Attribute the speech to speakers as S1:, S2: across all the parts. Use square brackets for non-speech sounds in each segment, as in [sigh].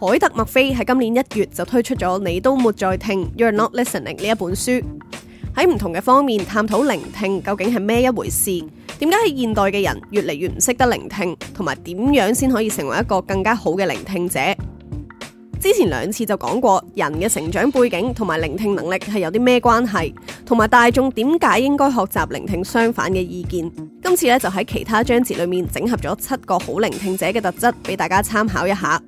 S1: 凱特麥菲喺今年一月就推出咗《你都沒在聽》，You're Not Listening 呢一本書，喺唔同嘅方面探討聆聽究竟係咩一回事，點解喺現代嘅人越嚟越唔識得聆聽，同埋點樣先可以成為一個更加好嘅聆聽者。之前兩次就講過人嘅成長背景同埋聆聽能力係有啲咩關係，同埋大眾點解應該學習聆聽相反嘅意見。今次咧就喺其他章節裏面整合咗七個好聆聽者嘅特質，俾大家參考一下。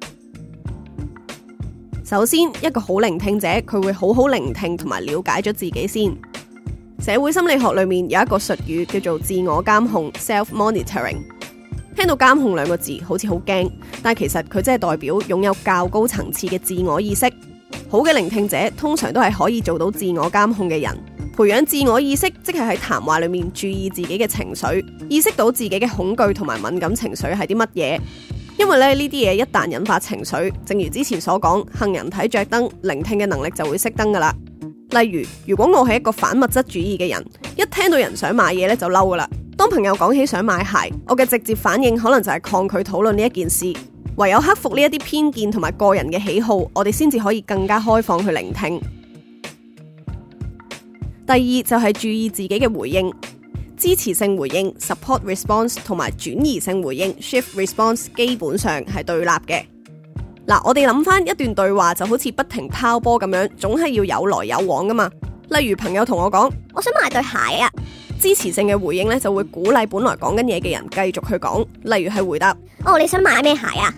S1: 首先，一個好聆聽者，佢會好好聆聽同埋了解咗自己先。社會心理學裏面有一個術語叫做自我監控 （self monitoring）。聽到監控兩個字，好似好驚，但其實佢真係代表擁有較高層次嘅自我意識。好嘅聆聽者通常都係可以做到自我監控嘅人。培養自我意識，即係喺談話裏面注意自己嘅情緒，意識到自己嘅恐懼同埋敏感情緒係啲乜嘢。因為咧，呢啲嘢，一旦引發情緒，正如之前所講，杏仁體着燈，聆聽嘅能力就會熄燈噶啦。例如，如果我係一個反物質主義嘅人，一聽到人想買嘢咧就嬲噶啦。當朋友講起想買鞋，我嘅直接反應可能就係抗拒討論呢一件事。唯有克服呢一啲偏見同埋個人嘅喜好，我哋先至可以更加開放去聆聽。第二就係、是、注意自己嘅回應。支持性回應 （support response） 同埋轉移性回應 （shift response） 基本上係對立嘅。嗱，我哋諗翻一段對話就好似不停拋波咁樣，總係要有來有往㗎嘛。例如朋友同我講：，我想買對鞋啊。支持性嘅回應咧就會鼓勵本來講緊嘢嘅人繼續去講，例如係回答：，哦，你想買咩鞋啊？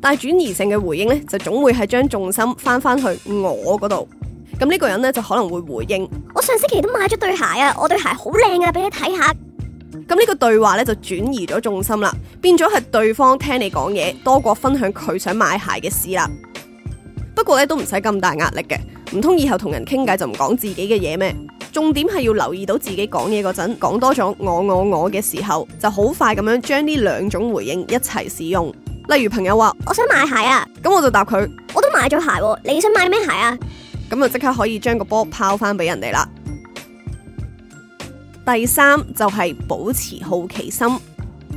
S1: 但係轉移性嘅回應咧就總會係將重心翻翻去我嗰度。咁呢個人咧就可能會回應：我上星期都買咗對鞋啊，我對鞋好靚啊，俾你睇下。咁呢個對話咧就轉移咗重心啦，變咗係對方聽你講嘢多過分享佢想買鞋嘅事啦。不過咧都唔使咁大壓力嘅，唔通以後同人傾偈就唔講自己嘅嘢咩？重點係要留意到自己講嘢嗰陣，講多咗我我我嘅時候，就好快咁樣將呢兩種回應一齊使用。例如朋友話：我想買鞋啊，咁我就答佢：我都買咗鞋喎啊，你想買咩鞋啊？咁就即刻可以將個波拋翻俾人哋啦。第三就係保持好奇心，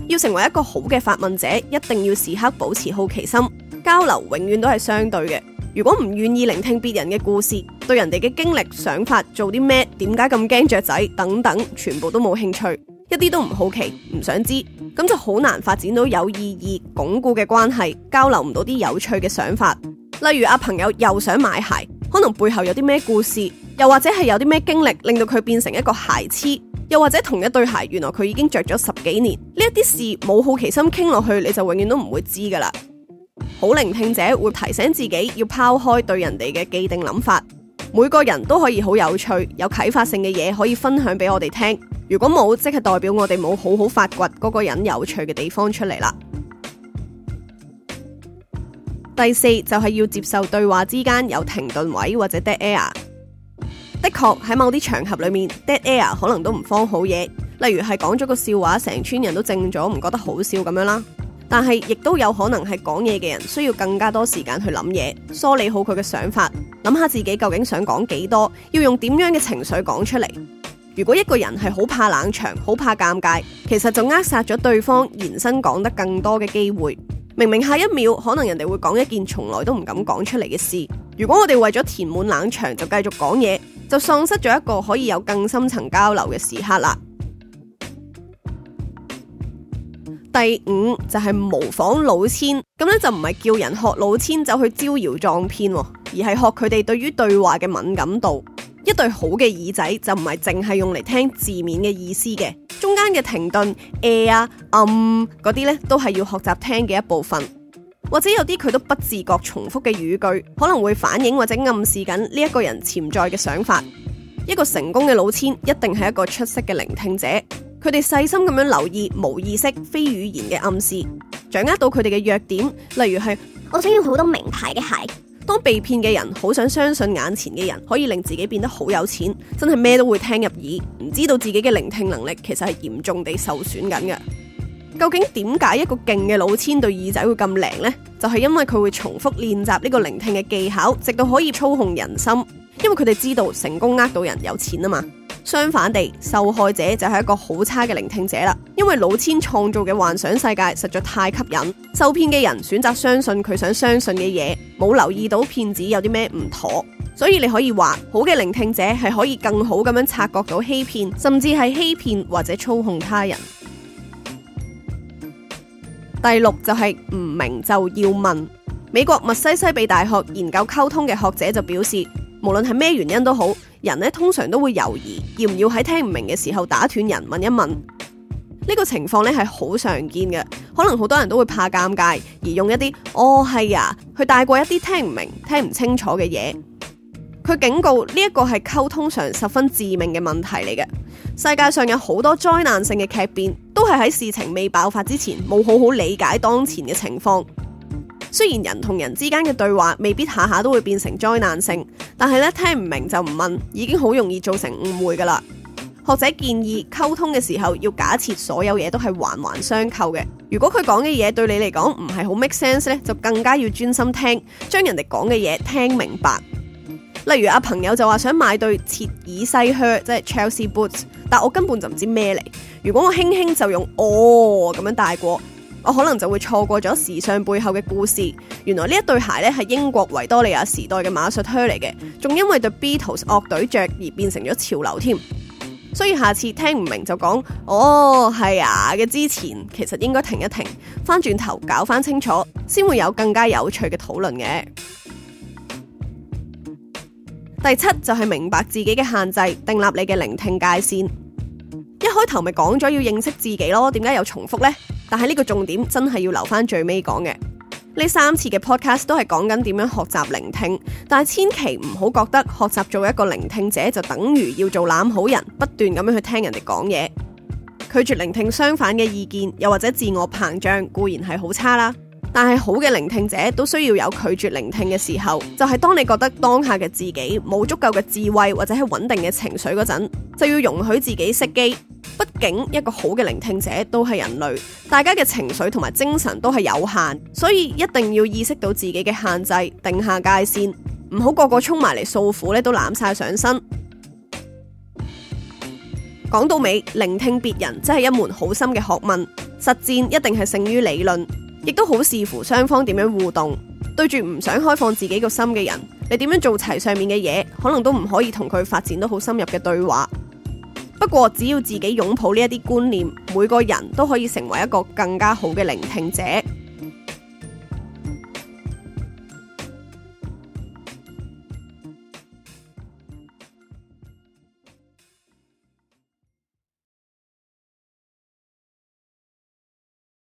S1: 要成為一個好嘅發問者，一定要時刻保持好奇心。交流永遠都係相對嘅。如果唔願意聆聽別人嘅故事，對人哋嘅經歷、想法、做啲咩、點解咁驚雀仔等等，全部都冇興趣，一啲都唔好奇，唔想知，咁就好難發展到有意義、鞏固嘅關係，交流唔到啲有趣嘅想法。例如阿朋友又想買鞋。可能背後有啲咩故事，又或者係有啲咩經歷，令到佢變成一個鞋痴，又或者同一對鞋，原來佢已經着咗十幾年。呢一啲事冇好奇心傾落去，你就永遠都唔會知㗎喇。好聆聽者會提醒自己要拋開對人哋嘅既定諗法，每個人都可以好有趣、有啟發性嘅嘢可以分享俾我哋聽。如果冇，即係代表我哋冇好好發掘嗰個人有趣嘅地方出嚟啦。第四就係、是，要接受對話之間有停頓位或者 dead air。的確喺某啲場合裏面 dead air 可能都唔方好嘢。例如係講咗個笑話，成村人都靜咗，唔覺得好笑咁樣啦。但係亦都有可能係講嘢嘅人需要更加多時間去諗嘢，梳理好佢嘅想法，諗下自己究竟想講幾多，要用點樣嘅情緒講出嚟。如果一個人係好怕冷場，好怕尷尬，其實就扼殺咗對方延伸講得更多嘅機會。明明下一秒可能人哋會講一件從來都唔敢講出嚟嘅事，如果我哋為咗填滿冷場就繼續講嘢，就喪失咗一個可以有更深層交流嘅時刻啦。 [music] 第五就係、是、模仿老千，咁咧就唔係叫人學老千走去招搖撞騙，而係學佢哋對於對話嘅敏感度。一對好嘅耳仔就唔係淨係用嚟聽字面嘅意思嘅，中間嘅停頓、誒啊、暗嗰啲呢，都係要學習聽嘅一部分。或者有啲佢都不自覺重複嘅語句，可能會反映或者暗示緊呢一個人潛在嘅想法。一個成功嘅老千一定係一個出色嘅聆聽者，佢哋細心咁樣留意無意識非語言嘅暗示，掌握到佢哋嘅弱點，例如係我想要好多名牌嘅鞋。當被騙嘅人好想相信眼前嘅人，可以令自己變得好有錢，真係咩都會聽入耳，唔知道自己嘅聆聽能力其實係嚴重地受損緊嘅。究竟點解一個勁嘅老千對耳仔會咁靈呢？就係因為佢會重複練習呢個聆聽嘅技巧，直到可以操控人心。因為佢哋知道成功呃到人有錢啊嘛。相反地，受害者就係一個好差嘅聆聽者啦，因為老千創造嘅幻想世界實在太吸引，受騙嘅人選擇相信佢想相信嘅嘢，冇留意到騙子有啲咩唔妥。所以你可以話，好嘅聆聽者係可以更好咁樣察覺到欺騙，甚至係欺騙或者操控他人。第六就係、是、唔明就要問。美國密西西比大學研究溝通嘅學者就表示，無論係咩原因都好。人咧，通常都會猶豫，要唔要喺聽唔明嘅時候打斷人問一問呢？這個情況咧，係好常見嘅，可能好多人都會怕尷尬而用一啲哦係啊，去帶過一啲聽唔明，聽唔清楚嘅嘢。佢警告呢一，這個係溝通上十分致命嘅問題嚟嘅。世界上有好多災難性嘅劇變都係喺事情未爆發之前冇好好理解當前嘅情況。雖然人同人之間嘅對話未必下下都會變成災難性，但係咧，聽唔明就唔問，已經好容易造成誤會噶啦。學者建議溝通嘅時候要假設所有嘢都係環環相扣嘅。如果佢講嘅嘢對你嚟講唔係好 make sense 咧，就更加要專心聽，將人哋講嘅嘢聽明白。例如阿朋友就話想買對切爾西靴，即係 Chelsea boots，但我根本就唔知咩嚟。如果我輕輕就用哦，咁樣帶過。我可能就會錯過咗時尚背後嘅故事。原來呢一對鞋咧係英國維多利亞時代嘅馬術靴嚟嘅，仲因為對 Beatles 樂隊着而變成咗潮流添。所以下次聽唔明就講哦，係啊嘅之前其實應該停一停，翻轉頭搞翻清楚，先會有更加有趣嘅討論嘅。第七就係明白自己嘅限制，訂立你嘅聆聽界線。一開頭咪講咗要認識自己咯，點解有重複呢？但係呢個重點真係要留翻最尾講嘅，呢三次嘅 podcast 都係講緊點樣學習聆聽，但係千祈唔好覺得學習做一個聆聽者就等於要做攬好人，不斷咁樣去聽人哋講嘢，拒絕聆聽相反嘅意見，又或者自我膨脹固然係好差啦，但係好嘅聆聽者都需要有拒絕聆聽嘅時候，就係、是、當你覺得當下嘅自己冇足夠嘅智慧或者係穩定嘅情緒嗰陣，就要容許自己熄機。畢竟一個好嘅聆聽者都係人類，大家嘅情緒同埋精神都係有限，所以一定要意識到自己嘅限制，定下界線，唔好個個衝埋嚟訴苦咧都攬晒上身。講 [noise] 到尾，聆聽別人真係一門好深嘅學問，實踐一定係勝於理論，亦都好視乎雙方點樣互動。對住唔想開放自己個心嘅人，你點樣做齊上面嘅嘢，可能都唔可以同佢發展得好深入嘅對話。不過，只要自己擁抱呢一啲觀念，每個人都可以成為一個更加好嘅聆聽者。